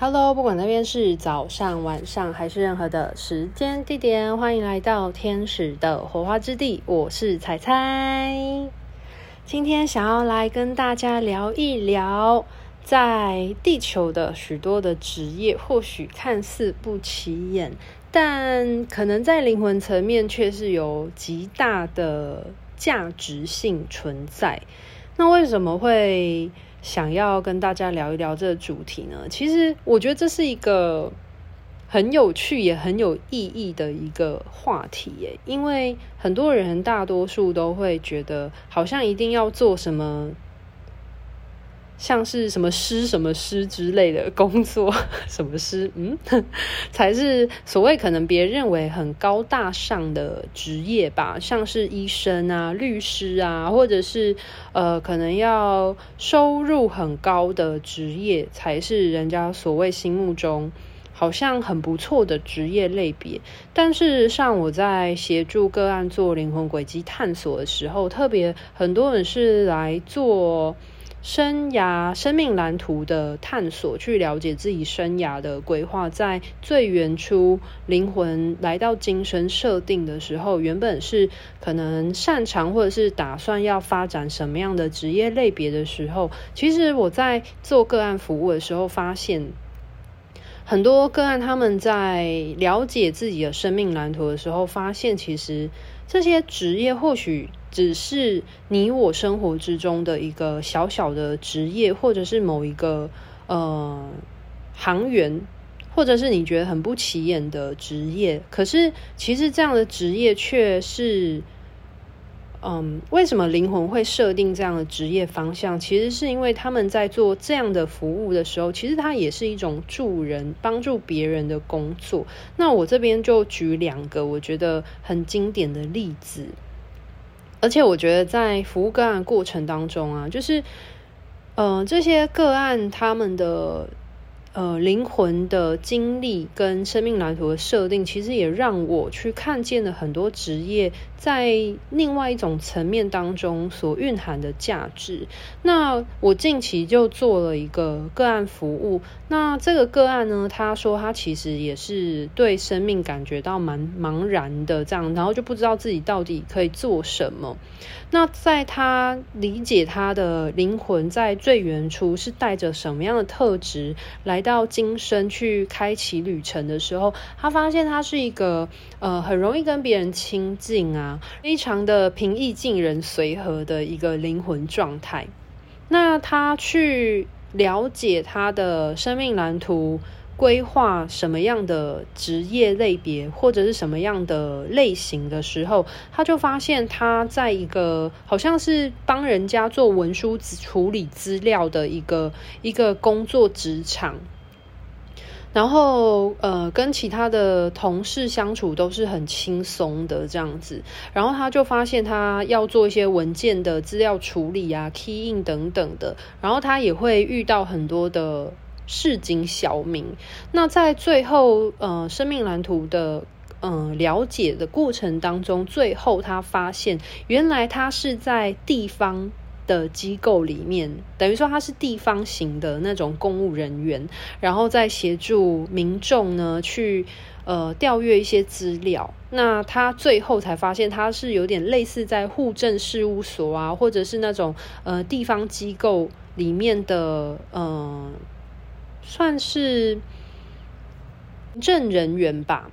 Hello，不管那邊是早上、晚上還是任何的時間地點，歡迎來到天使的火花之地。我是采采，今天想要來跟大家聊一聊，在地球的許多的職業，或許看似不起眼，但可能在靈魂層面卻是有極大的價值性存在。那為什麼會想要跟大家聊一聊這個主題呢，其實我覺得這是一個很有趣也很有意義的一個話題耶，因為很多人大多數都會覺得好像一定要做什麼。像是什麼師、什麼師之類的工作，什麼師，嗯， 才是所謂可能別人認為很高大上的職業吧。像是醫生啊、律師啊，或者是呃，可能要收入很高的職業，才是人家所謂心目中好像很不錯的職業類別。但事實上，我在協助個案做靈魂軌跡探索的時候，特別很多人是來做。生涯、生命藍圖的探索，去了解自己生涯的規劃，在最原初靈魂來到今生設定的時候，原本是可能擅長或者是打算要發展什麼樣的職業類別的時候，其實我在做個案服務的時候發現。很多個案，他們在了解自己的生命藍圖的時候，發現其實這些職業或許只是你我生活之中的一個小小的職業，或者是某一個嗯、呃、行員，或者是你覺得很不起眼的職業。可是，其實這樣的職業卻是。嗯，為什麼靈魂會設定這樣的職業方向？其實是因為他們在做這樣的服務的時候，其實它也是一種助人、幫助別人的工作。那我這邊就舉兩個我覺得很經典的例子，而且我覺得在服務個案過程當中啊，就是，呃，這些個案他們的呃靈魂的經歷跟生命藍圖的設定，其實也讓我去看見了很多職業。在另外一種層面當中所蘊含的價值。那我近期就做了一個個案服務。那這個個案呢，他說他其實也是對生命感覺到蠻茫然的，這樣，然後就不知道自己到底可以做什麼。那在他理解他的靈魂在最原初是帶着什麼樣的特質來到今生去開啟旅程的時候，他發現他是一個呃很容易跟別人親近啊。非常的平易近人、隨和的一個靈魂狀態。那他去了解他的生命藍圖，規劃什麼樣的職業類別或者是什麼樣的類型的時候，他就發現他在一個好像是幫人家做文書、處理資料的一個一個工作職場。然後，呃，跟其他的同事相處都是很輕鬆的這樣子。然後他就發現，他要做一些文件的資料處理啊、key in 等等的。然後他也會遇到很多的市井小民。那在最後，呃，生命藍圖的，呃，了解的過程當中，最後他發現，原來他是在地方。的機構裡面，等於說他是地方型的那種公務人員，然後在協助民眾呢去呃調閱一些資料。那他最後才發現，他是有點類似在戶政事務所啊，或者是那種呃地方機構裡面的呃，算是行政人員吧。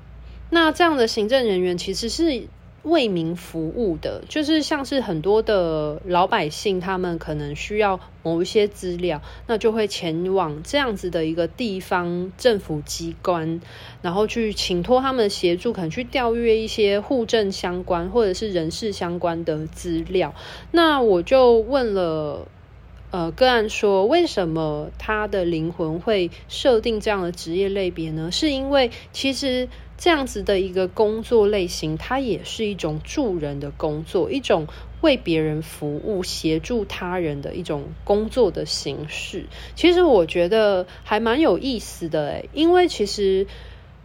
那這樣的行政人員其實是。為民服務的，就是像是很多的老百姓，他們可能需要某一些資料，那就會前往這樣子的一個地方政府機關，然後去請託他們協助，可能去調閱一些戶政相關或者是人事相關的資料。那我就問了，呃，個案說為什麼他的靈魂會設定這樣的職業類別呢？是因為其實。這樣子的一個工作類型，它也是一種助人的工作，一種為別人服務、協助他人的一種工作的形式。其實我覺得還蠻有意思的欸，因為其實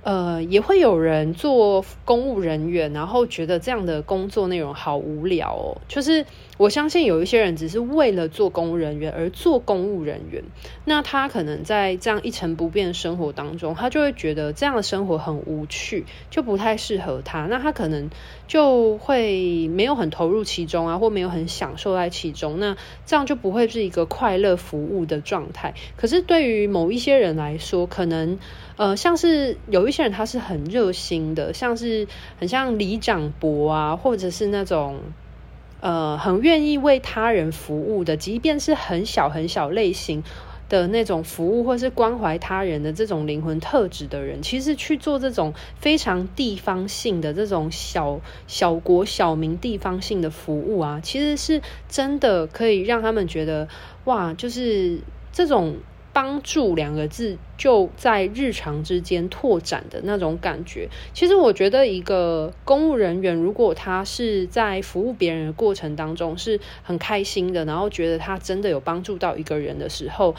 呃也會有人做公務人員，然後覺得這樣的工作內容好無聊哦，就是。我相信有一些人只是為了做公務人員而做公務人員，那他可能在這樣一成不變的生活當中，他就會覺得這樣的生活很無趣，就不太適合他。那他可能就會沒有很投入其中啊，或沒有很享受在其中。那這樣就不會是一個快樂服務的狀態。可是對於某一些人來說，可能呃，像是有一些人他是很熱心的，像是很像里長伯啊，或者是那種。呃，很願意為他人服務的，即便是很小很小類型的那種服務，或是關懷他人的這種靈魂特質的人，其實去做這種非常地方性的這種小小國小民地方性的服務啊，其實是真的可以讓他們覺得，哇，就是這種。幫助兩個字就在日常之間拓展的那種感覺。其實，我覺得一個公務人員，如果他是在服務別人的過程當中是很開心的，然後覺得他真的有幫助到一個人的時候，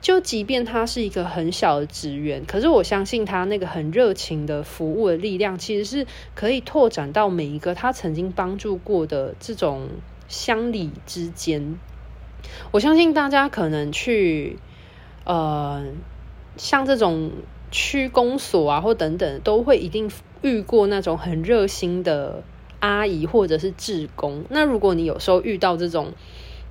就即便他是一個很小的職員，可是我相信他那個很熱情的服務的力量，其實是可以拓展到每一個他曾經幫助過的這種鄉里之間。我相信大家可能去。呃，像這種區公所啊，或等等，都會一定遇過那種很熱心的阿姨或者是志工，那如果你有時候遇到這種，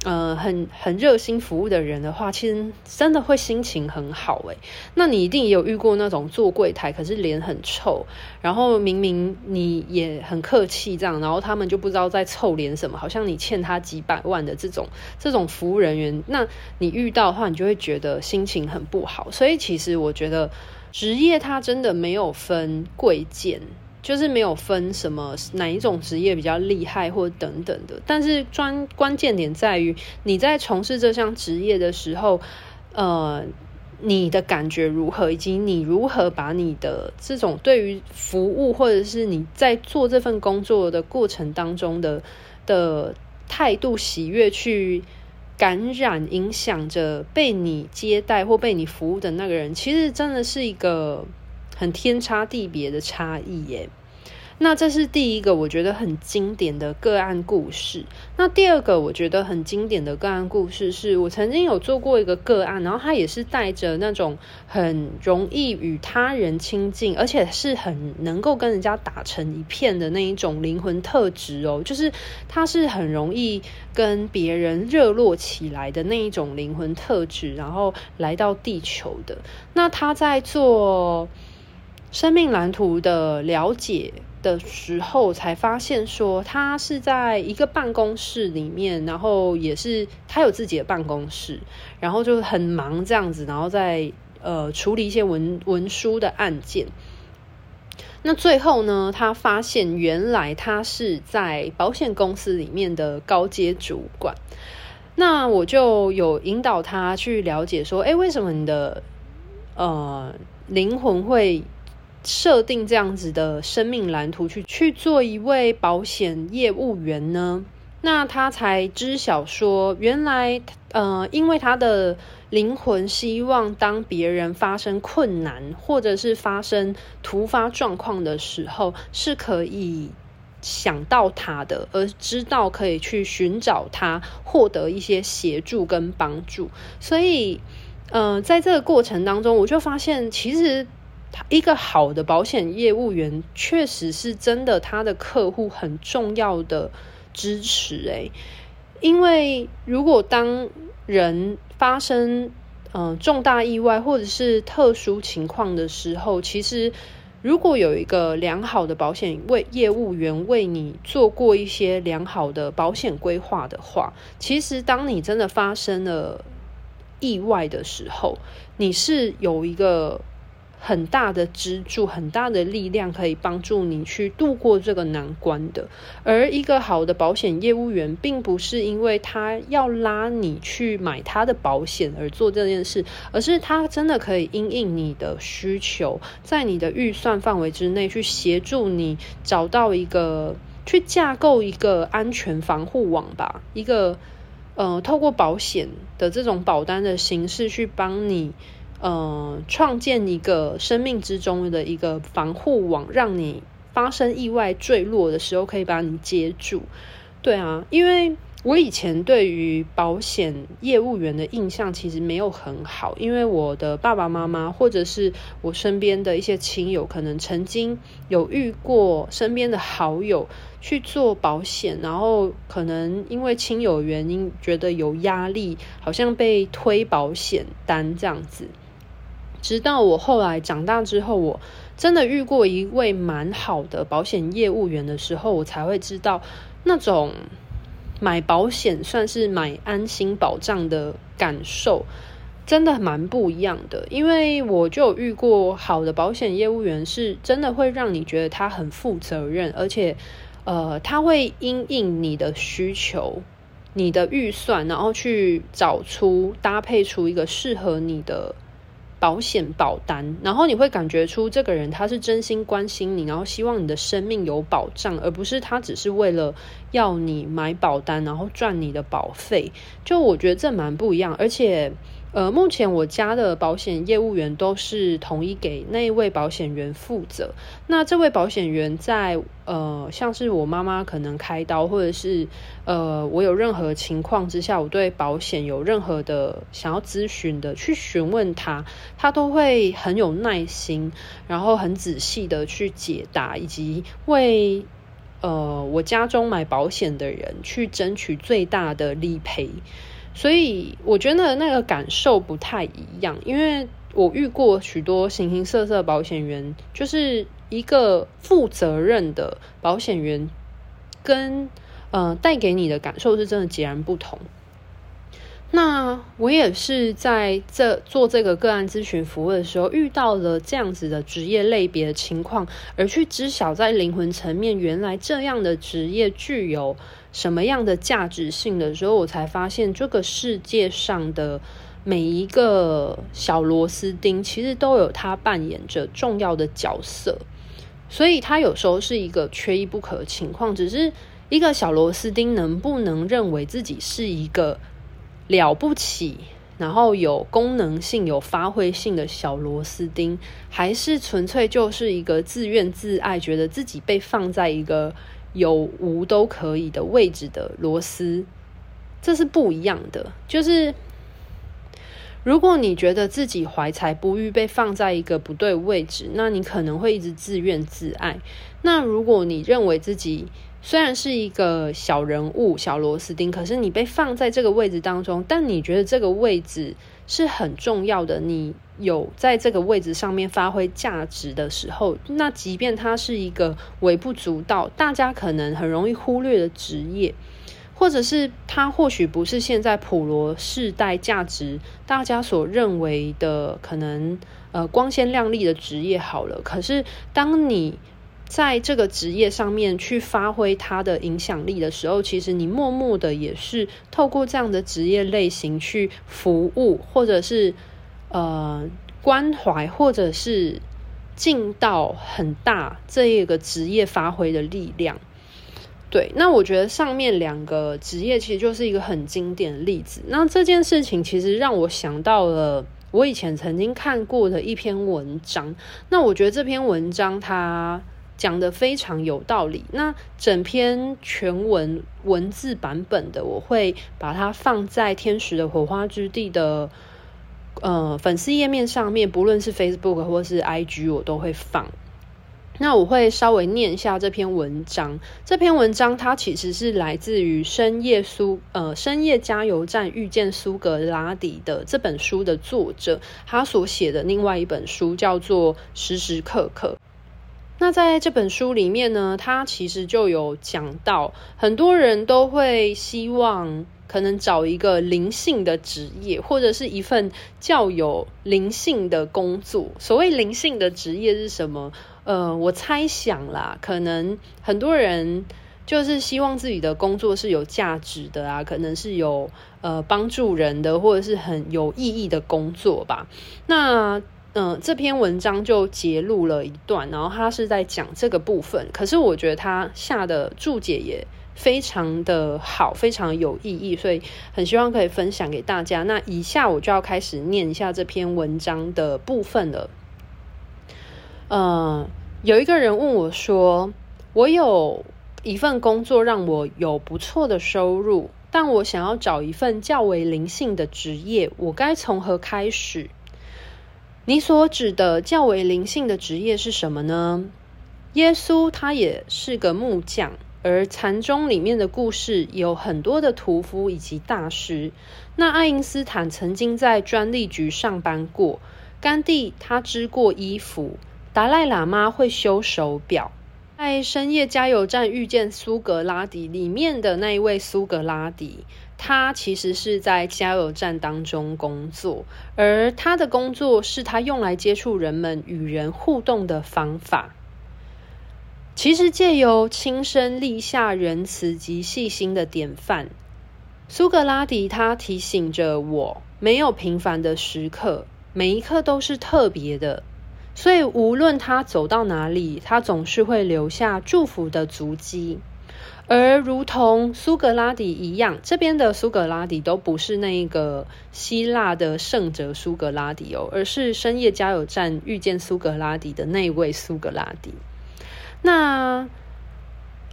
呃，很很熱心服務的人的話，其實真的會心情很好誒、欸，那你一定也有遇過那種坐櫃檯，可是臉很臭，然後明明你也很客氣這樣，然後他們就不知道在臭臉什麼，好像你欠他幾百萬的這種這種服務人員，那你遇到的話，你就會覺得心情很不好。所以其實我覺得職業它真的沒有分貴賤。就是沒有分什麼哪一種職業比較厲害或等等的，但是專關鍵點在於你在從事這項職業的時候，呃，你的感覺如何，以及你如何把你的這種對於服務或者是你在做這份工作的過程當中的的態度、喜悅，去感染、影響着被你接待或被你服務的那個人，其實真的是一個。很天差地別的差異耶，那這是第一個我覺得很經典的個案故事。那第二個我覺得很經典的個案故事是，是我曾經有做過一個個案，然後他也是帶着那種很容易與他人親近，而且是很能夠跟人家打成一片的那一種靈魂特質哦，就是他是很容易跟別人熱絡起來的那一種靈魂特質，然後來到地球的。那他在做。生命藍圖的了解的時候，才發現說他是在一個辦公室裡面，然後也是他有自己的辦公室，然後就很忙這樣子，然後在呃處理一些文文書的案件。那最後呢，他發現原來他是在保險公司裡面的高階主管。那我就有引導他去了解說，哎，為什麼你的呃靈魂會？設定這樣子的生命藍圖去去做一位保險業務員呢？那他才知曉說，原來呃，因為他的靈魂希望，當別人發生困難或者是發生突發狀況的時候，是可以想到他的，而知道可以去尋找他，獲得一些協助跟幫助。所以，呃，在這個過程當中，我就發現其實。一個好的保險業務員確實是真的，他的客戶很重要的支持誒，因為如果當人發生嗯、呃、重大意外或者是特殊情況的時候，其實如果有一個良好的保險為業務員為你做過一些良好的保險規劃的話，其實當你真的發生了意外的時候，你是有一個。很大的支柱，很大的力量可以幫助你去度過這個難關的。而一個好的保險業務員，並不是因為他要拉你去買他的保險而做這件事，而是他真的可以因應你的需求，在你的預算範圍之內，去協助你找到一個，去架構一個安全防護網吧。一個，呃，透過保險的這種保單的形式去幫你。嗯，創建一個生命之中的一個防護網，讓你發生意外墜落的時候可以把你接住。對啊，因為我以前對於保險業務員的印象其實沒有很好，因為我的爸爸媽媽或者是我身邊的一些親友，可能曾經有遇過身邊的好友去做保險，然後可能因為親友原因覺得有壓力，好像被推保險單這樣子。直到我後來長大之後，我真的遇過一位蠻好的保險業務員的時候，我才會知道那種買保險算是買安心保障的感受，真的蠻不一樣的。因為我就遇過好的保險業務員，是真的會讓你覺得他很負責任，而且呃，他會因應你的需求、你的預算，然後去找出搭配出一個適合你的。保險保單，然後你會感覺出這個人他是真心關心你，然後希望你的生命有保障，而不是他只是為了要你買保單，然後賺你的保費。就我覺得這蠻不一樣，而且。呃，目前我家的保險業務員都是統一給那一位保險員負責。那這位保險員在呃，像是我媽媽可能開刀，或者是呃，我有任何情況之下，我對保險有任何的想要諮詢的，去詢問他，他都會很有耐心，然後很仔細的去解答，以及為呃我家中買保險的人去爭取最大的理賠。所以我覺得那個感受不太一樣，因為我遇過許多形形色色保險員，就是一個負責任的保險員跟，跟呃帶給你的感受是真的截然不同。那我也是在這做這個個案諮詢服務的時候，遇到了這樣子的職業類別的情況，而去知曉在靈魂層面，原來這樣的職業具有什麼樣的價值性的時候，我才發現這個世界上的每一個小螺絲釘其實都有它扮演着重要的角色，所以它有時候是一個缺一不可的情況。只是一個小螺絲釘能不能認為自己是一個了不起，然後有功能性、有發揮性的小螺絲釘，還是純粹就是一個自怨自艾，覺得自己被放在一個。有無都可以的位置的螺絲，這是不一樣的。就是，如果你覺得自己懷才不遇，被放在一個不對位置，那你可能會一直自怨自艾。那如果你認為自己，雖然是一個小人物、小螺絲釘，可是你被放在這個位置當中，但你覺得這個位置是很重要的。你有在這個位置上面發揮價值的時候，那即便它是一個微不足道、大家可能很容易忽略的職業，或者是它或許不是現在普羅世代價值大家所認為的可能呃光鮮亮麗的職業好了。可是當你在這個職業上面去發揮它的影響力的時候，其實你默默的也是透過這樣的職業類型去服務，或者是呃關懷，或者是盡到很大這一個職業發揮的力量。對，那我覺得上面兩個職業其實就是一個很經典的例子。那這件事情其實讓我想到了我以前曾經看過的一篇文章，那我覺得這篇文章它。講得非常有道理。那整篇全文文字版本的，我會把它放在天使的火花之地的呃粉絲頁面上面，不論是 Facebook 或是 IG，我都會放。那我會稍微念一下這篇文章。這篇文章它其實是來自於《深夜蘇呃深夜加油站遇見蘇格拉底》的這本書的作者，他所寫的另外一本書叫做《時時刻刻》。那在這本書裡面呢，他其實就有講到，很多人都會希望可能找一個靈性的職業，或者是一份較有靈性的工作。所謂靈性的職業是什麼？呃，我猜想啦，可能很多人就是希望自己的工作是有價值的啊，可能是有呃幫助人的，或者是很有意義的工作吧。那。嗯，這篇文章就節錄了一段，然後他是在講這個部分。可是我覺得他下的注解也非常的好，非常有意義，所以很希望可以分享給大家。那以下我就要開始念一下這篇文章的部分了。呃、嗯，有一個人問我說：“我有一份工作讓我有不錯的收入，但我想要找一份較為靈性的職業，我該從何開始？”你所指的較為靈性的職業是什麼呢？耶穌他也是個木匠，而禪宗裡面的故事有很多的屠夫以及大師。那愛因斯坦曾經在專利局上班過，甘地他織過衣服，達賴喇嘛會修手錶，在深夜加油站遇見蘇格拉底裡面的那一位蘇格拉底，他其實是在加油站當中工作，而他的工作是他用來接觸人們、與人互動的方法。其實借由親身立下仁慈及細心的典範，蘇格拉底，他提醒着我：沒有平凡的時刻，每一刻都是特別的。所以無論他走到哪裡，他總是會留下祝福的足跡。而如同蘇格拉底一樣，這邊的蘇格拉底都不是那一個希臘的聖哲蘇格拉底哦，而是深夜加油站遇見蘇格拉底的那位蘇格拉底。那，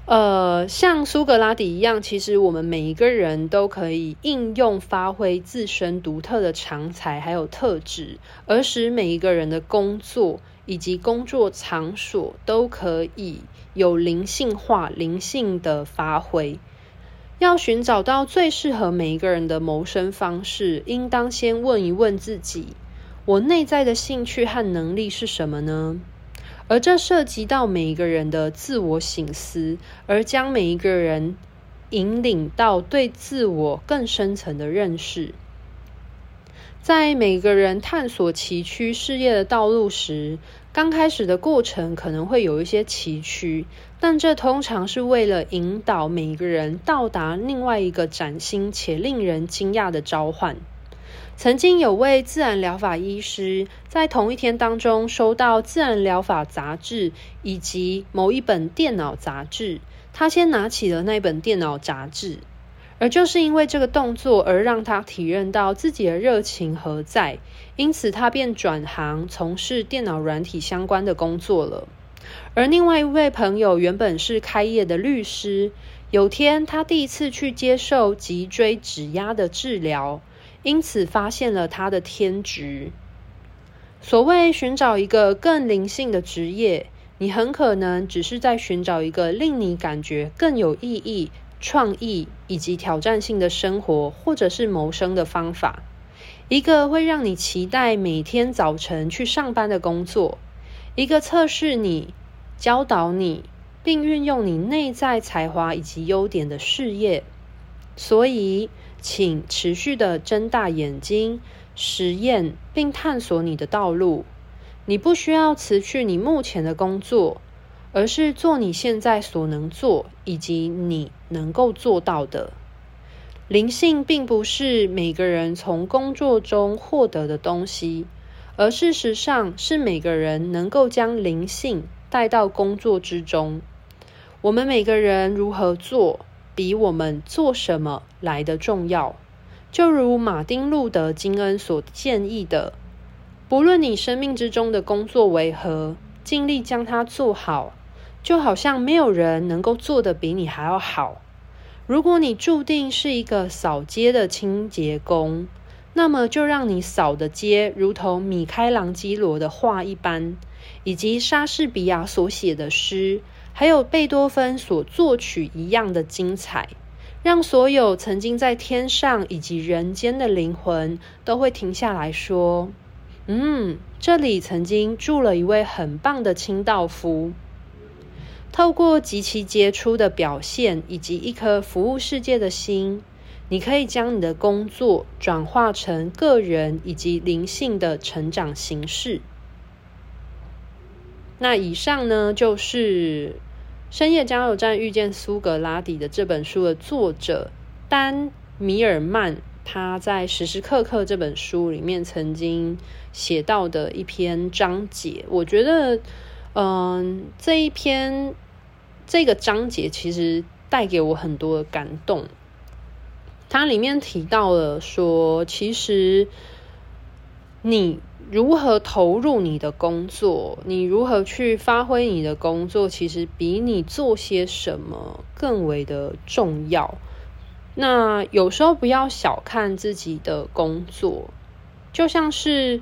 呃，像蘇格拉底一樣，其實我們每一個人都可以應用發揮自身獨特的長才還有特質，而使每一個人的工作以及工作場所都可以。有靈性化、靈性的發揮，要尋找到最適合每一個人的謀生方式，應當先問一問自己：我內在的興趣和能力是什麼呢？而這涉及到每一個人的自我省思，而將每一個人引領到對自我更深層的認識。在每個人探索崎嶇事業的道路時，剛開始的過程可能會有一些崎嶇，但這通常是為了引導每一個人到達另外一個嶄新且令人驚訝的召喚。曾經有位自然療法醫師在同一天當中收到自然療法雜誌以及某一本電腦雜誌，他先拿起了那本電腦雜誌。而就是因為這個動作，而讓他體認到自己的熱情何在，因此他便轉行從事電腦軟體相關的工作了。而另外一位朋友原本是開業的律師，有天他第一次去接受脊椎指壓的治療，因此發現了他的天職。所謂尋找一個更靈性的職業，你很可能只是在尋找一個令你感覺更有意義。創意以及挑戰性的生活，或者是謀生的方法，一個會讓你期待每天早晨去上班的工作，一個測試你、教導你，並運用你內在才華以及優點的事業。所以，請持續的睜大眼睛，實驗並探索你的道路。你不需要辭去你目前的工作。而是做你現在所能做以及你能夠做到的。靈性並不是每個人從工作中獲得的東西，而事實上是每個人能夠將靈性帶到工作之中。我們每個人如何做，比我們做什麼來得重要。就如馬丁·路德·金恩所建議的，不論你生命之中的工作為何，盡力將它做好。就好像沒有人能夠做得比你還要好。如果你注定是一個掃街的清潔工，那麼就讓你掃的街如同米開朗基羅的畫一般，以及莎士比亞所寫的詩，還有貝多芬所作曲一樣的精彩，讓所有曾經在天上以及人間的靈魂都會停下來說：“嗯，這裡曾經住了一位很棒的清道夫。”透過極其傑出的表現，以及一顆服務世界的心，你可以將你的工作轉化成個人以及靈性的成長形式。那以上呢，就是深夜加油站遇見蘇格拉底的這本書的作者丹米爾曼，他在《時時刻刻》這本書裡面曾經寫到的一篇章節，我覺得。嗯，這一篇這個章節其實帶給我很多的感動。它裡面提到了說，其實你如何投入你的工作，你如何去發揮你的工作，其實比你做些什麼更為的重要。那有時候不要小看自己的工作，就像是。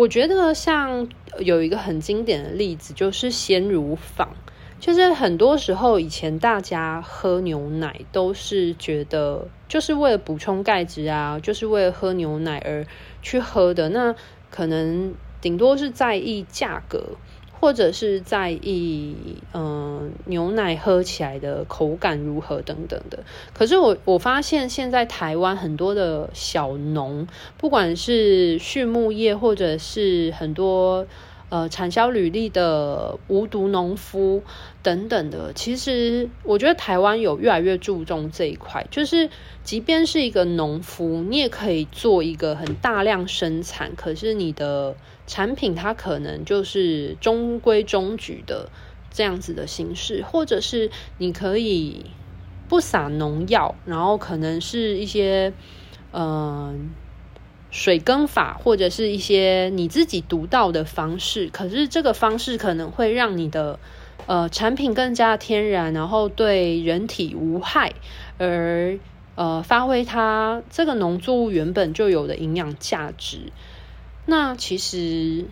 我覺得像有一個很經典的例子，就是鮮乳坊。就是很多時候以前大家喝牛奶都是覺得，就是為了補充鈣質啊，就是為了喝牛奶而去喝的。那可能頂多是在意價格。或者是在意，嗯、呃，牛奶喝起來的口感如何等等的。可是我我發現，現在台灣很多的小農，不管是畜牧業或者是很多呃產銷履歷的無毒農夫等等的，其實我覺得台灣有越來越注重這一塊，就是即便是一個農夫，你也可以做一個很大量生產，可是你的。產品它可能就是中規中矩的這樣子的形式，或者是你可以不撒農藥，然後可能是一些嗯、呃、水耕法，或者是一些你自己獨到的方式。可是這個方式可能會讓你的呃產品更加天然，然後對人體無害，而呃發揮它這個農作物原本就有的營養價值。那其實，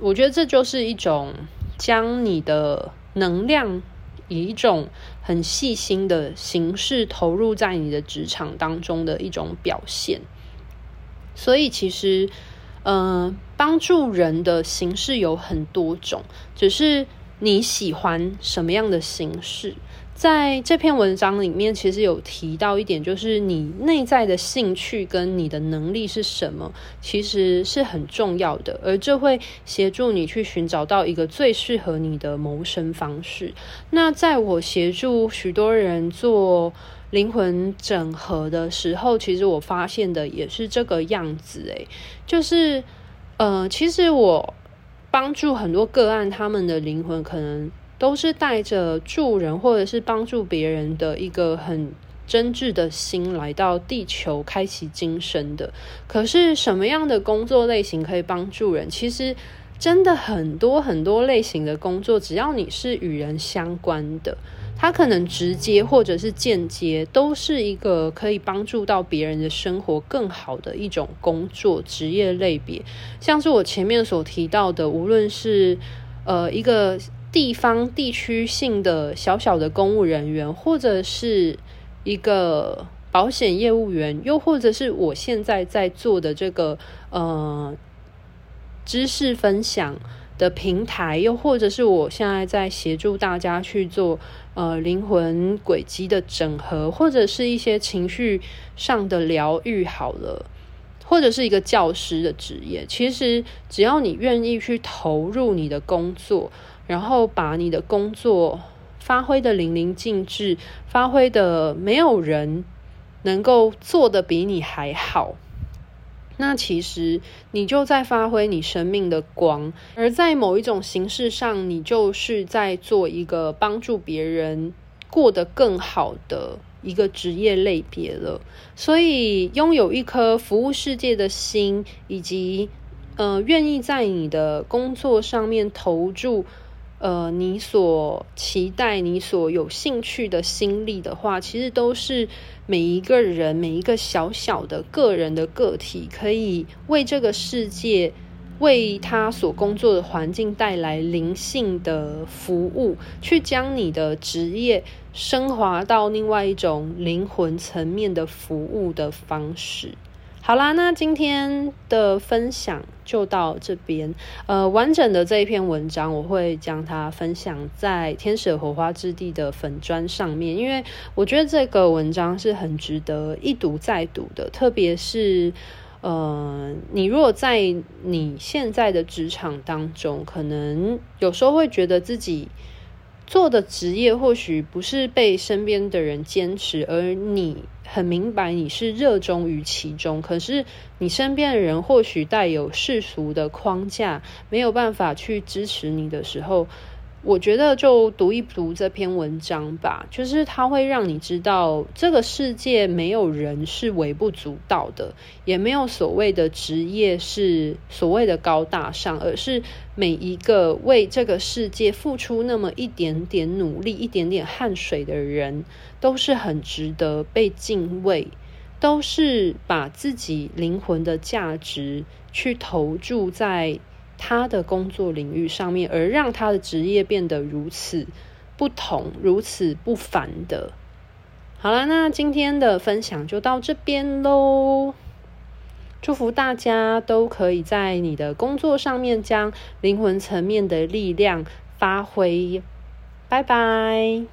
我覺得這就是一種將你的能量以一種很細心的形式投入在你的職場當中的一種表現。所以，其實，嗯，幫助人的形式有很多種，只是你喜歡什麼樣的形式。在這篇文章裡面，其實有提到一點，就是你內在的興趣跟你的能力是什麼，其實是很重要的，而這會協助你去尋找到一個最適合你的謀生方式。那在我協助許多人做靈魂整合的時候，其實我發現的也是這個樣子，哎，就是，呃，其實我幫助很多個案，他們的靈魂可能。都是帶着助人或者是幫助別人的一個很真摯的心來到地球開啟今生的。可是什麼樣的工作類型可以幫助人？其實真的很多很多類型的工作，只要你是與人相關的，它可能直接或者是間接，都是一個可以幫助到別人的生活更好的一種工作職業類別。像是我前面所提到的，無論是呃一個。地方地區性的小小的公務人員，或者是一個保險業務員，又或者是我現在在做的這個呃知識分享的平台，又或者是我現在在協助大家去做呃靈魂軌跡的整合，或者是一些情緒上的療癒，好了，或者是一個教師的職業。其實只要你願意去投入你的工作。然後把你的工作發揮得淋漓盡致，發揮得沒有人能夠做得比你還好。那其實你就在發揮你生命的光，而在某一種形式上，你就是在做一個幫助別人過得更好的一個職業類別了。所以，擁有一顆服務世界的心，以及呃，願意在你的工作上面投注。呃，你所期待、你所有興趣的心力的話，其實都是每一個人、每一個小小的個人的個體，可以為這個世界、為他所工作的環境帶來靈性的服務，去將你的職業升華到另外一種靈魂層面的服務的方式。好啦，那今天的分享就到這邊。呃，完整的這一篇文章，我會將它分享在天使火花之地的粉專上面，因為我覺得這個文章是很值得一讀再讀的，特別是，呃，你如果在你現在的職場當中，可能有時候會覺得自己做的職業或許不是被身邊的人堅持，而你很明白你是熱衷於其中。可是你身邊的人或許帶有世俗的框架，沒有辦法去支持你的時候。我覺得就讀一讀這篇文章吧，就是它會讓你知道，這個世界沒有人是微不足道的，也沒有所謂的職業是所謂的高大上，而是每一個為這個世界付出那麼一點點努力、一點點汗水的人，都是很值得被敬畏，都是把自己靈魂的價值去投注在。他的工作領域上面，而讓他的職業變得如此不同、如此不凡的。好了，那今天的分享就到這邊嘍。祝福大家都可以在你的工作上面將靈魂層面的力量發揮。拜拜。